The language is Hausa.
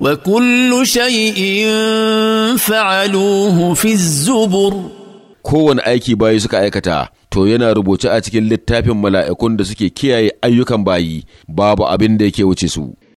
وكل شيء فعلوه في الزبر kowane aiki bayi suka aikata to yana rubuce a cikin littafin mala'ikun da suke kiyaye ayyukan bayi babu abin da yake wuce su